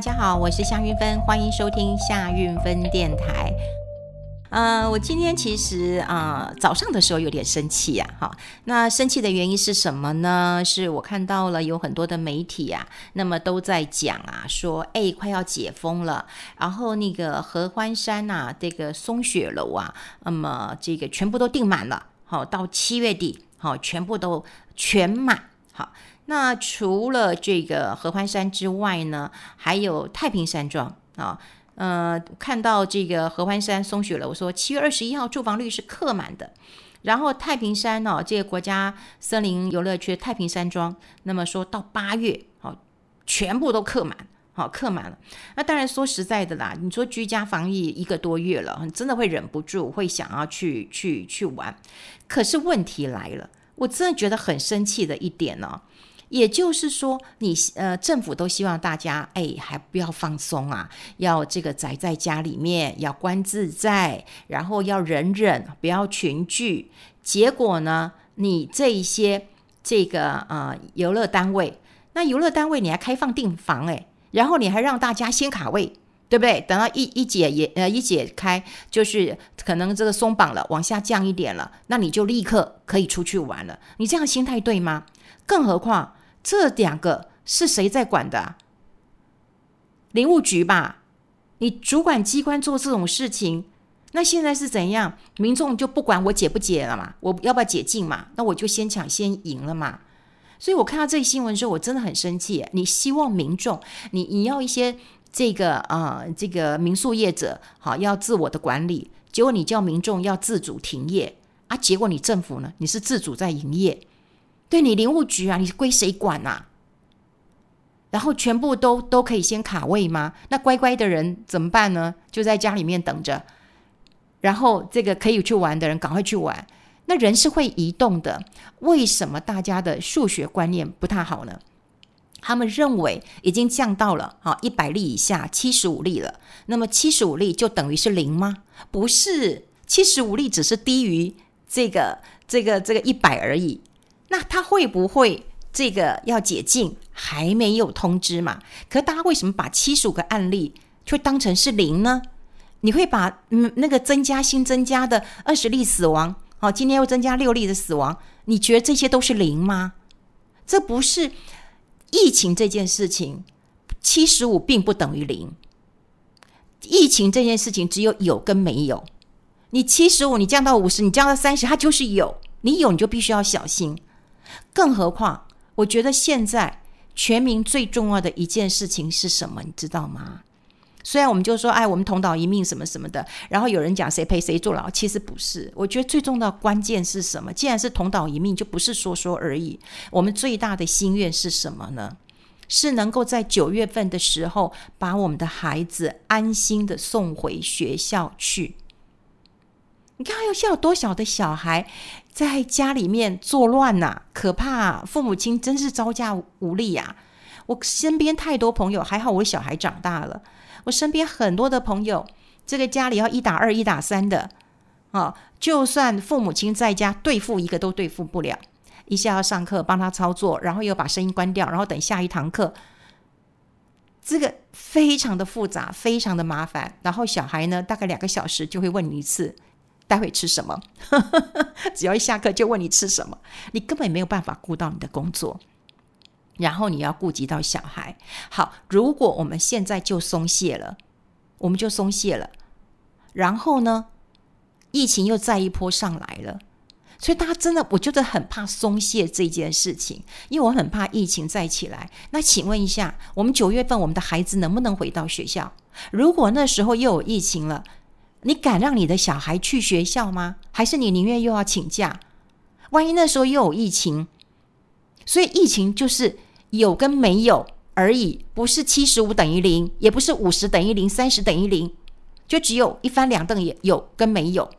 大家好，我是夏韻芬，歡迎收聽夏韻芬電台。嗯、呃，我今天其實啊、呃，早上的時候有點生氣啊，哈。那生氣的原因是什麼呢？是我看到了有很多的媒體啊，那麼都在講啊，說哎，快要解封了，然後那個合歡山吶、啊，這個松雪樓啊，那麼這個全部都訂滿了，好，到七月底，好，全部都全滿，好。那除了這個合歡山之外呢，還有太平山莊啊、哦。呃，看到這個合歡山松雪了，我說七月二十一號住房率是客滿的。然後太平山哦，這個國家森林遊樂區的太平山莊，那麼說到八月哦，全部都客滿，好、哦、客滿了。那當然說實在的啦，你說居家防疫一個多月了，你真的會忍不住會想要去去去玩。可是問題來了，我真的覺得很生氣的一點呢、哦。也就是說你，你呃，政府都希望大家哎、欸，還不要放鬆啊，要這個宅在家裡面，要觀自在，然後要忍忍，不要群聚。結果呢，你這一些這個呃，遊樂單位，那遊樂單位你還開放訂房哎、欸，然後你還讓大家先卡位，對不對？等到一一解也呃一解開，就是可能這個鬆綁了，往下降一點了，那你就立刻可以出去玩了。你這樣心態對嗎？更何況。這兩個是誰在管的啊？林務局吧？你主管機關做這種事情，那現在是怎樣？民眾就不管我解不解了嘛？我要不要解禁嘛？那我就先搶先贏了嘛？所以我看到這一新聞的時候，我真的很生氣、啊。你希望民眾，你你要一些這個啊、呃，這個民宿業者好、哦、要自我的管理，結果你叫民眾要自主停業啊，結果你政府呢，你是自主在營業。對你林務局啊，你歸誰管吶、啊？然後全部都都可以先卡位嗎？那乖乖的人怎麼辦呢？就在家裡面等着。然後這個可以去玩的人，趕快去玩。那人是會移動的。為什麼大家的數學觀念不太好呢？他們認為已經降到了啊一百例以下，七十五例了。那麼七十五例就等於是零嗎？不是，七十五例只是低於這個這個這個一百而已。那他會不會這個要解禁還沒有通知嘛？可是大家為什麼把七十五個案例卻當成是零呢？你會把嗯那個增加新增加的二十例死亡，哦，今天又增加六例的死亡，你覺得這些都是零嗎？這不是疫情這件事情，七十五並不等於零。疫情這件事情只有有跟沒有。你七十五，你降到五十，你降到三十，它就是有。你有你就必須要小心。更何況，我覺得現在全民最重要的一件事情是什麼？你知道嗎？雖然我們就說，哎，我們同島一命什麼什麼的，然後有人講誰陪誰坐牢，其實不是。我覺得最重要的關鍵是什麼？既然是同島一命，就不是說說而已。我們最大的心願是什麼呢？是能夠在九月份的時候，把我們的孩子安心地送回學校去。你看，還有現在有多小的小孩？在家裡面作亂吶、啊，可怕，啊！父母親真是招架無力啊！我身邊太多朋友，還好我小孩長大了。我身邊很多的朋友，這個家裡要一打二、一打三的啊，就算父母親在家對付一個都對付不了。一下要上課幫他操作，然後又把聲音關掉，然後等下一堂課，這個非常的複雜，非常的麻煩。然後小孩呢，大概兩個小時就會問你一次。待會吃什麼？ 只要一下課就問你吃什麼，你根本沒有辦法顧到你的工作，然後你要顧及到小孩。好，如果我們現在就鬆懈了，我們就鬆懈了，然後呢，疫情又再一波上來了，所以大家真的，我覺得很怕鬆懈這件事情，因為我很怕疫情再起來。那請問一下，我們九月份我們的孩子能不能回到學校？如果那時候又有疫情了？你敢讓你的小孩去學校嗎？還是你寧願又要請假？萬一那時候又有疫情，所以疫情就是有跟沒有而已，不是七十五等於零，也不是五十等於零，三十等於零，就只有一翻兩瞪眼，有跟沒有。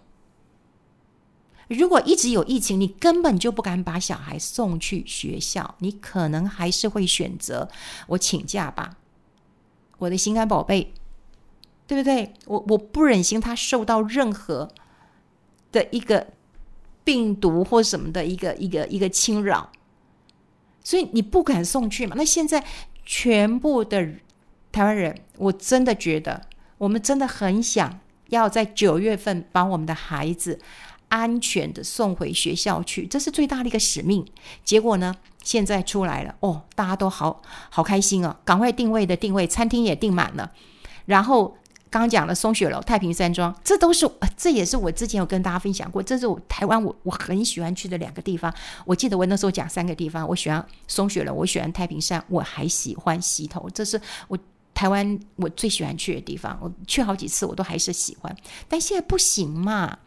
如果一直有疫情，你根本就不敢把小孩送去學校，你可能還是會選擇我請假吧，我的心肝寶貝。對不對？我我不忍心他受到任何的一個病毒或什麼的一個一個一個侵擾，所以你不敢送去嘛？那現在全部的台灣人，我真的覺得我們真的很想要在九月份把我們的孩子安全的送回學校去，這是最大的一個使命。結果呢，現在出來了哦，大家都好好開心啊哦！趕快定位的定位，餐廳也訂滿了，然後。剛講了松雪樓、太平山莊，這都是，這也是我之前有跟大家分享過。這是我台灣我我很喜歡去的兩個地方。我記得我那時候講三個地方，我喜歡松雪樓，我喜歡太平山，我還喜歡溪頭。這是我台灣我最喜歡去的地方，我去好幾次我都還是喜歡。但現在不行嘛，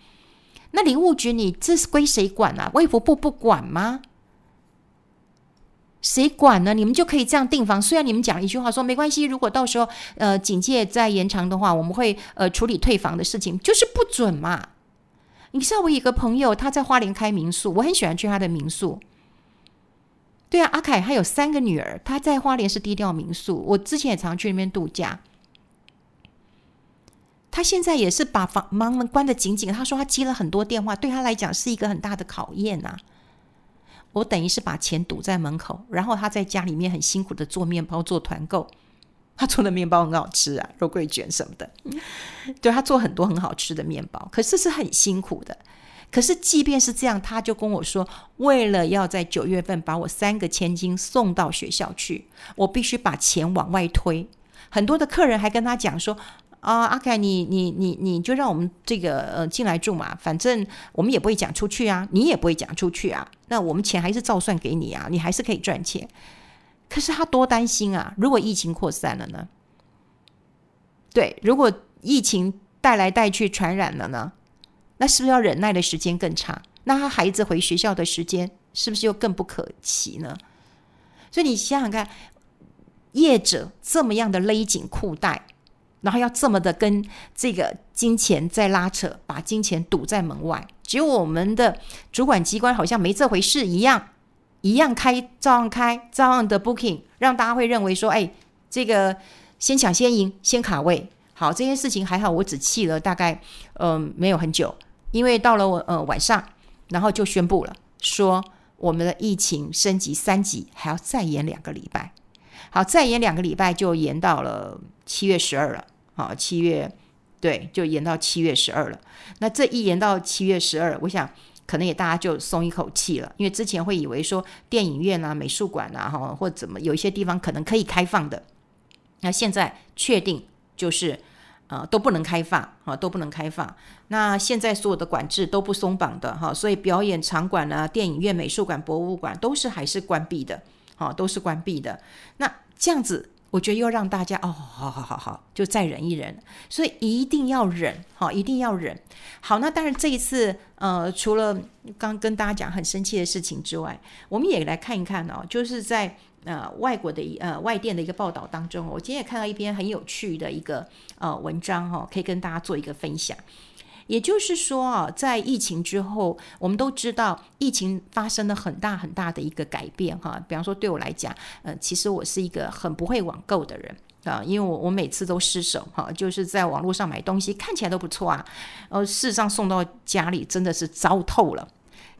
那林務局你這是歸誰管啊？衛福部不管嗎？誰管呢？你們就可以這樣訂房。雖然你們講一句話說沒關係，如果到時候呃警戒再延長的話，我們會呃處理退房的事情，就是不准嘛。你知道我有一個朋友，他在花蓮開民宿，我很喜歡去他的民宿。對啊，阿凱他有三個女兒，他在花蓮是低調民宿，我之前也常去那邊度假。他現在也是把房門關得緊緊，他說他接了很多電話，對他來講是一個很大的考驗啊。我等於是把錢堵在門口，然後他在家裡面很辛苦地做麵包做團購，他做的麵包很好吃啊，肉桂卷什麼的， 對，他做很多很好吃的麵包，可是是很辛苦的。可是即便是這樣，他就跟我說，為了要在九月份把我三個千金送到學校去，我必須把錢往外推。很多的客人還跟他講說啊，哦，阿凱，你你你你就讓我們這個呃進來住嘛，反正我們也不會講出去啊，你也不會講出去啊。那我們錢還是照算給你啊，你還是可以賺錢。可是他多擔心啊，如果疫情擴散了呢？對，如果疫情帶來帶去傳染了呢？那是不是要忍耐的時間更長？那他孩子回學校的時間是不是又更不可期呢？所以你想想看，業者這麼樣的勒緊褲帶。然後要這麼的跟這個金錢在拉扯，把金錢堵在門外。只有我們的主管機關好像沒這回事一樣，一樣開照樣開，照樣的 booking，讓大家會認為說，哎，這個先搶先贏，先卡位。好，這件事情還好，我只氣了大概，嗯、呃，沒有很久，因為到了呃晚上，然後就宣布了，說我們的疫情升級三級，還要再延兩個禮拜。好，再延兩個禮拜就延到了七月十二了。好、哦，七月對，就延到七月十二了。那這一延到七月十二，我想可能也大家就鬆一口氣了，因為之前會以為說電影院啊、美術館啊，哈、哦，或怎麼有一些地方可能可以開放的，那現在確定就是，呃，都不能開放，哈、哦，都不能開放。那現在所有的管制都不鬆綁的，哈、哦，所以表演場館呢、啊、電影院、美術館、博物館都是還是關閉的，啊、哦，都是關閉的。那這樣子。我覺得又讓大家哦，好好好好，就再忍一忍，所以一定要忍哈、哦，一定要忍。好，那當然這一次，呃，除了剛跟大家講很生氣的事情之外，我們也來看一看哦，就是在呃外國的呃外電的一個報道當中，我今天也看到一篇很有趣的一個呃文章哈、哦，可以跟大家做一個分享。也就是說啊，在疫情之後，我們都知道疫情發生了很大很大的一個改變哈。比方說，對我來講，嗯，其實我是一個很不會網購的人啊，因為我我每次都失手哈，就是在網絡上買東西看起來都不錯啊，呃，事實上送到家裡真的是糟透了。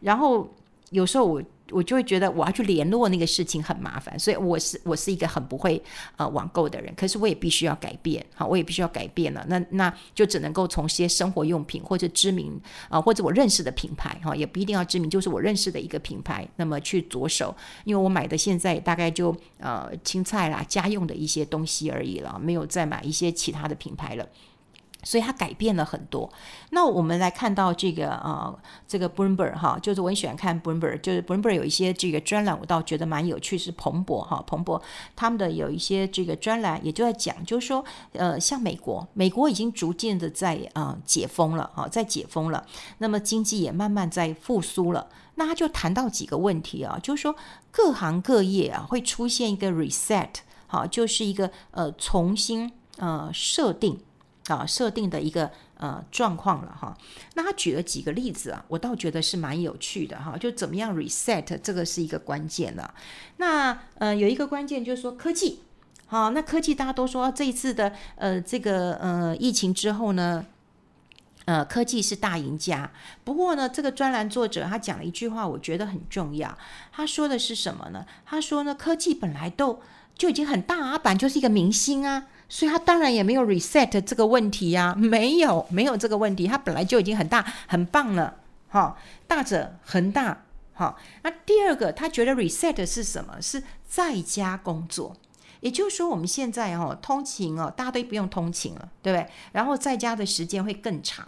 然後有時候我。我就會覺得我要去聯絡那個事情很麻煩，所以我是我是一個很不會呃網購的人，可是我也必須要改變，好，我也必須要改變了。那那就只能夠從一些生活用品或者知名啊、呃、或者我認識的品牌哈、哦，也不一定要知名，就是我認識的一個品牌，那麼去着手，因為我買的現在大概就呃青菜啦，家用的一些東西而已了，沒有再買一些其他的品牌了。所以它改變了很多。那我們來看到這個呃、啊，這個《Bloomberg、啊》哈，就是我很喜歡看《Bloomberg》，就是《Bloomberg》有一些這個專欄，我倒覺得蠻有趣。是《彭博》哈，《彭博》。他們的有一些這個專欄也就在講，就是說呃，像美國，美國已經逐漸的在啊、呃、解封了啊，在解封了，那麼經濟也慢慢在復甦了。那他就談到幾個問題啊，就是說各行各業啊會出現一個 reset，好、啊，就是一個呃重新呃設定。啊，設定的一個呃狀況了哈。那他舉了幾個例子啊，我倒覺得是蠻有趣的哈。就怎麼樣 reset，這個是一個關鍵了、啊。那呃，有一個關鍵就是說科技，哈、啊，那科技大家都說這一次的呃這個呃疫情之後呢，呃，科技是大贏家。不過呢，這個專欄作者他講了一句話，我覺得很重要。他說的是什麼呢？他說呢，科技本來都就已經很大阿，本就是一個明星啊。所以他當然也沒有 reset 這個問題呀、啊，沒有沒有這個問題，他本來就已經很大很棒了，哈、哦，大者恆大，哈、哦。那第二個，他覺得 reset 是什麼？是在家工作，也就是說，我們現在哈、哦、通勤哦，大家都不用通勤了，對不對？然後在家的時間會更長。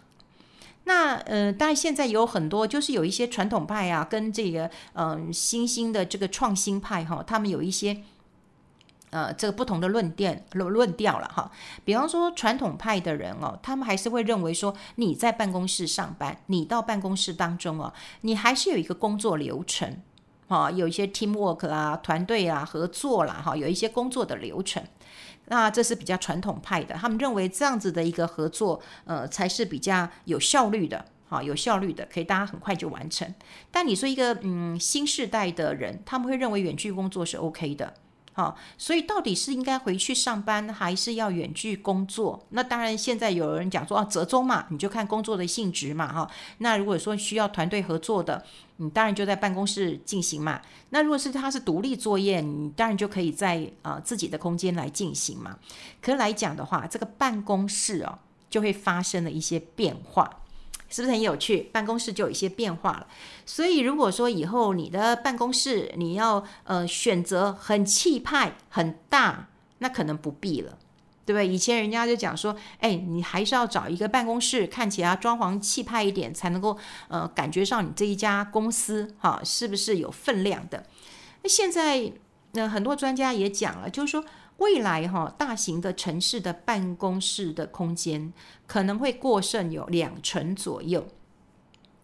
那呃，當然現在有很多，就是有一些傳統派啊，跟這個呃新興的這個創新派哈、哦，他們有一些。呃，這個不同的論點論論調了哈。比方說，傳統派的人哦，他們還是會認為說，你在辦公室上班，你到辦公室當中哦，你還是有一個工作流程，哈，有一些 teamwork 啊、團隊啊、合作啦，哈，有一些工作的流程。那這是比較傳統派的，他們認為這樣子的一個合作，呃，才是比較有效率的，好，有效率的，可以大家很快就完成。但你說一個嗯新世代的人，他們會認為遠距工作是 OK 的。好、哦，所以到底是應該回去上班，還是要遠距工作？那當然，現在有人講說啊，折中嘛，你就看工作的性質嘛，哈、哦。那如果說需要團隊合作的，你當然就在辦公室進行嘛。那如果是他是獨立作業，你當然就可以在啊、呃、自己的空間來進行嘛。可是來講的話，這個辦公室哦，就會發生了一些變化。是不是很有趣？辦公室就有一些變化了。所以如果說以後你的辦公室你要呃選擇很氣派很大，那可能不必了，對不對？以前人家就講說，哎，你還是要找一個辦公室看起來裝潢氣派一點，才能夠呃感覺上你這一家公司哈、啊、是不是有分量的？那現在那、呃、很多專家也講了，就是說。未來哈、哦，大型的城市的辦公室的空間可能會過剩有兩成左右。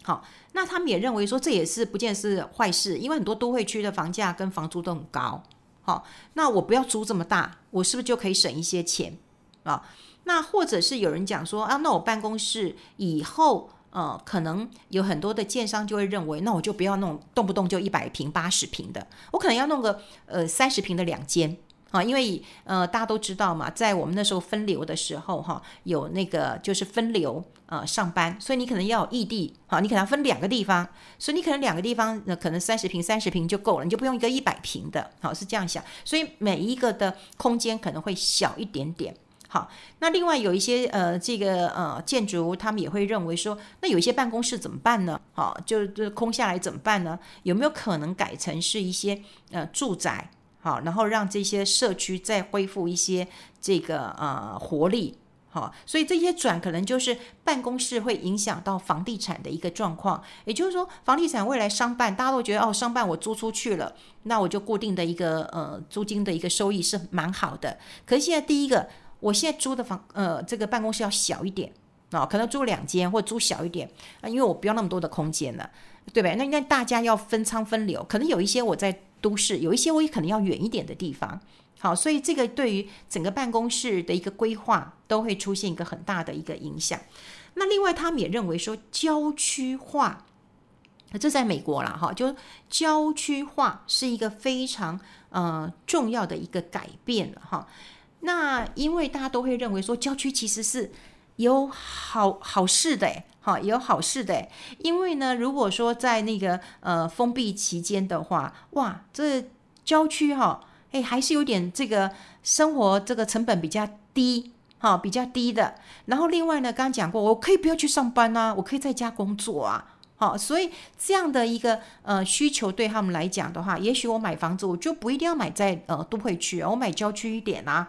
好，那他們也認為說這也是不見得是壞事，因為很多都會區的房價跟房租都很高。好，那我不要租這麼大，我是不是就可以省一些錢啊？那或者是有人講說啊，那我辦公室以後呃，可能有很多的建商就會認為，那我就不要弄動不動就一百平、八十平的，我可能要弄個呃三十平的兩間。啊，因為呃，大家都知道嘛，在我們那時候分流的時候，哈、哦，有那個就是分流啊、呃，上班，所以你可能要有異地哈、哦，你可能要分兩個地方，所以你可能兩個地方那、呃、可能三十平、三十平就夠了，你就不用一個一百平的，好、哦、是這樣想，所以每一個的空間可能會小一點點，好、哦，那另外有一些呃，這個呃建築，他們也會認為說，那有一些辦公室怎麼辦呢？好、哦，就是就是空下來怎麼辦呢？有沒有可能改成是一些呃住宅？好，然後讓這些社區再恢復一些這個呃活力，好，所以這些轉可能就是辦公室會影響到房地產的一個狀況。也就是說，房地產未來商辦，大家都覺得哦，商辦我租出去了，那我就固定的一個呃租金的一個收益是蠻好的。可是現在第一個，我現在租的房呃這個辦公室要小一點啊、哦，可能租兩間或租小一點啊，因為我不要那麼多的空間了，對吧？那應該大家要分艙分流，可能有一些我在。都市有一些，我也可能要遠一點的地方。好，所以這個對於整個辦公室的一個規劃都會出現一個很大的一個影響。那另外，他們也認為說，郊區化，這在美國啦哈，就郊區化是一個非常呃重要的一個改變哈。那因為大家都會認為說，郊區其實是。有好好事的，好有好事的，因為呢，如果說在那個呃封閉期間的話，哇，這郊區哈、哦，誒、欸，還是有點這個生活這個成本比較低，哈、哦，比較低的。然後另外呢，剛剛講過，我可以不要去上班吶、啊，我可以在家工作啊，好、哦，所以這樣的一個呃需求對他們來講的話，也許我買房子，我就不一定要買在呃都會區、啊，我買郊區一點啊，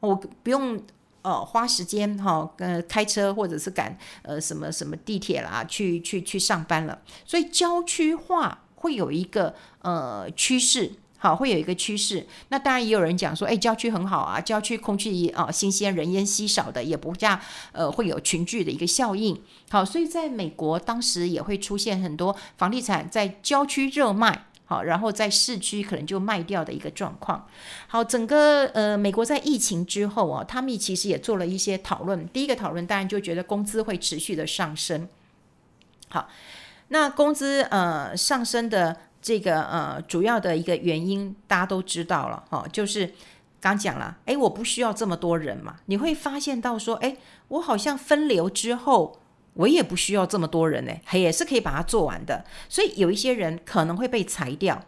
我不用。呃、哦，花時間哈，嗯、哦呃，開車或者是趕呃什麼什麼地鐵啦，去去去上班了。所以郊區化會有一個呃趨勢，好，會有一個趨勢。那當然也有人講說，哎，郊區很好啊，郊區空氣也啊、呃、新鮮，人煙稀少的，也不像呃會有群聚的一個效應。好，所以在美國當時也會出現很多房地產在郊區熱賣。好，然後在市區可能就賣掉的一個狀況。好，整個呃，美國在疫情之後啊，他們其實也做了一些討論。第一個討論，當然就覺得工資會持續的上升。好，那工資呃上升的這個呃主要的一個原因，大家都知道了哈、哦，就是剛講了，哎，我不需要這麼多人嘛。你會發現到說，哎，我好像分流之後。我也不需要這麼多人呢，嘿，也是可以把它做完的。所以有一些人可能會被裁掉，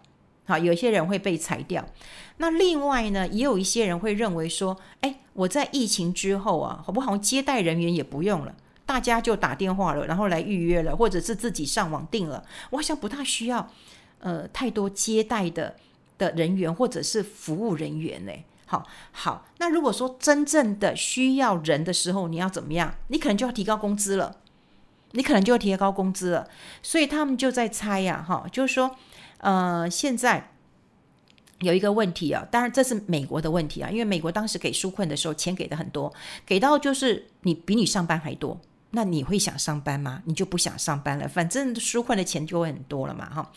好，有一些人會被裁掉。那另外呢，也有一些人會認為說，哎，我在疫情之後啊，好不好？接待人員也不用了，大家就打電話了，然後來預約了，或者是自己上網訂了，我好像不大需要呃太多接待的的人員或者是服務人員嘞。好，好，那如果說真正的需要人的時候，你要怎麼樣？你可能就要提高工資了。你可能就要提高工資了，所以他們就在猜呀，哈，就是說，呃，現在有一個問題啊，當然這是美國的問題啊，因為美國當時給紓困的時候，錢給的很多，給到就是你比你上班還多，那你會想上班嗎？你就不想上班了，反正紓困的錢就會很多了嘛，哈，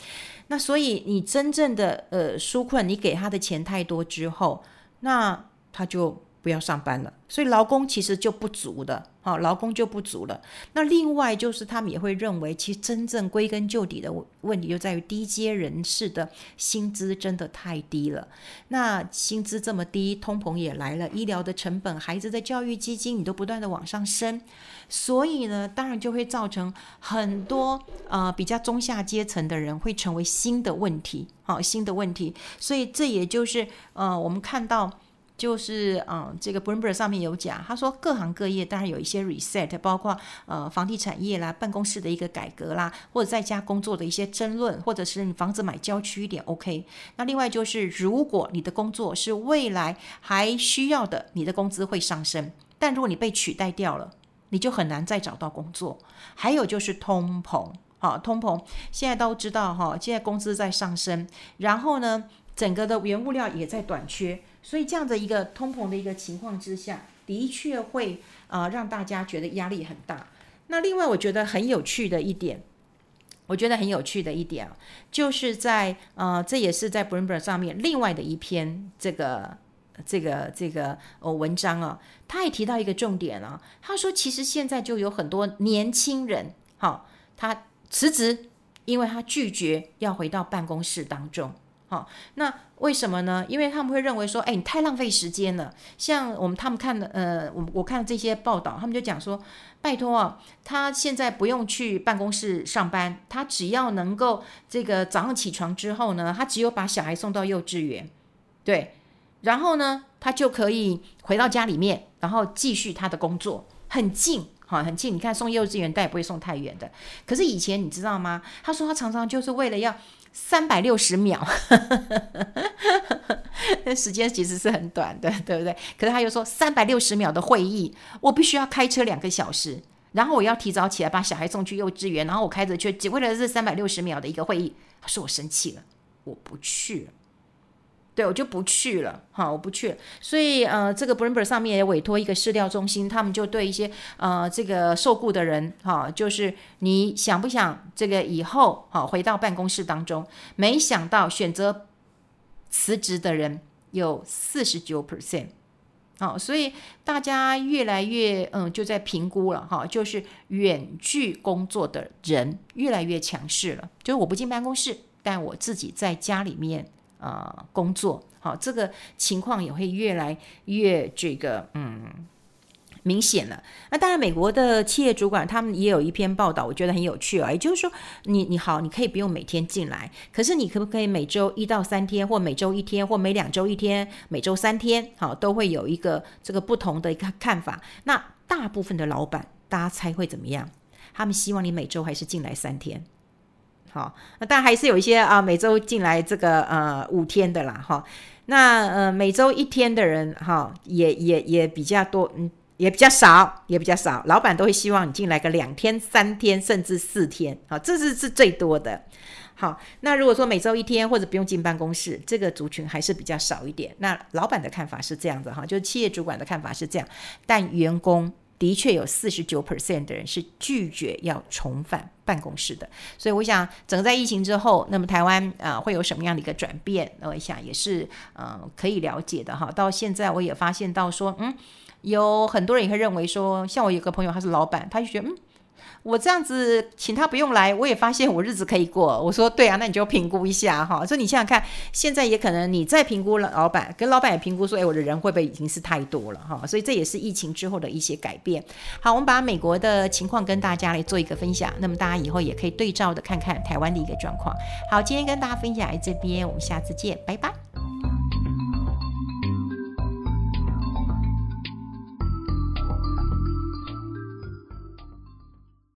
那所以你真正的呃紓困，你給他的錢太多之後，那他就。不要上班了，所以勞工其實就不足了啊，勞工就不足了。那另外就是他們也會認為，其實真正歸根究底的問題就在於低階人士的薪資真的太低了。那薪資這麼低，通膨也來了，醫療的成本、孩子的教育基金，你都不斷的往上升，所以呢，當然就會造成很多呃比較中下階層的人會成為新的問題啊，新的問題。所以這也就是呃我們看到。就是嗯，這個 Bloomberg 上面有講，他說各行各業當然有一些 reset，包括呃房地產業啦、辦公室的一個改革啦，或者在家工作的一些爭論，或者是你房子買郊區一點 OK。那另外就是，如果你的工作是未來還需要的，你的工資會上升；但如果你被取代掉了，你就很難再找到工作。還有就是通膨，好、啊，通膨現在都知道哈、哦，現在工資在上升，然後呢，整個的原物料也在短缺。所以這樣的一個通膨的一個情況之下，的確會啊、呃、讓大家覺得壓力很大。那另外我覺得很有趣的一點，我覺得很有趣的一點啊，就是在呃這也是在 Bloomberg 上面另外的一篇這個這個這個哦文章啊，他也提到一個重點啊，他說其實現在就有很多年輕人哈、哦，他辭職，因為他拒絕要回到辦公室當中。好，那為什麼呢？因為他們會認為說，哎，你太浪費時間了。像我們他們看的，呃，我我看這些報道，他們就講說，拜托哦，他現在不用去辦公室上班，他只要能夠這個早上起床之後呢，他只有把小孩送到幼稚園，對，然後呢，他就可以回到家裡面，然後繼續他的工作，很近。哈很近，你看送幼稚園，但也不會送太遠的。可是以前你知道嗎？他說他常常就是為了要三百六十秒， 時間其實是很短的，對不對？可是他又說三百六十秒的會議，我必須要開車兩個小時，然後我要提早起來把小孩送去幼稚園，然後我開著車，只為了這三百六十秒的一個會議，他說我生氣了，我不去了。對我就不去了哈，我不去了。所以，呃，這個 Bloomberg 上面也委托一個市調中心，他們就對一些呃，這個受雇的人哈、哦，就是你想不想這個以後哈、哦、回到辦公室當中？沒想到選擇辭職的人有四十九 percent 好，所以大家越來越嗯就在評估了哈、哦，就是遠距工作的人越來越強勢了，就是我不進辦公室，但我自己在家裡面。啊、呃，工作好、哦，這個情況也會越來越這個嗯明顯了。那當然，美國的企業主管他們也有一篇報道，我覺得很有趣啊、哦。也就是說你，你你好，你可以不用每天進來，可是你可不可以每週一到三天，或每週一天，或每兩週一天，每週三天，好、哦，都會有一個這個不同的一個看法。那大部分的老闆，大家猜會怎麼樣？他們希望你每週還是進來三天。好，那但還是有一些啊，每週進來這個呃五天的啦，哈，那呃每週一天的人哈，也也也比較多，嗯，也比較少，也比較少。老闆都會希望你進來個兩天、三天，甚至四天，好，這是是最多的。好，那如果說每週一天或者不用進辦公室，這個族群還是比較少一點。那老闆的看法是這樣子哈，就是企業主管的看法是這樣，但員工。的確有四十九 percent 的人是拒絕要重返辦公室的，所以我想整個在疫情之後，那麼台灣啊、呃、會有什麼樣的一個轉變？我想也是嗯、呃、可以了解的哈。到現在我也發現到說，嗯，有很多人也會認為說，像我有個朋友他是老板，他就覺得嗯。我這樣子請他不用來，我也發現我日子可以過。我說對啊，那你就評估一下哈。所以你想想看，現在也可能你再評估了老，老板跟老板也評估說，誒、欸，我的人會不會已經是太多了哈？所以這也是疫情之後的一些改變。好，我們把美國的情況跟大家來做一個分享，那麼大家以後也可以對照的看看台灣的一個狀況。好，今天跟大家分享來這邊，我們下次見，拜拜。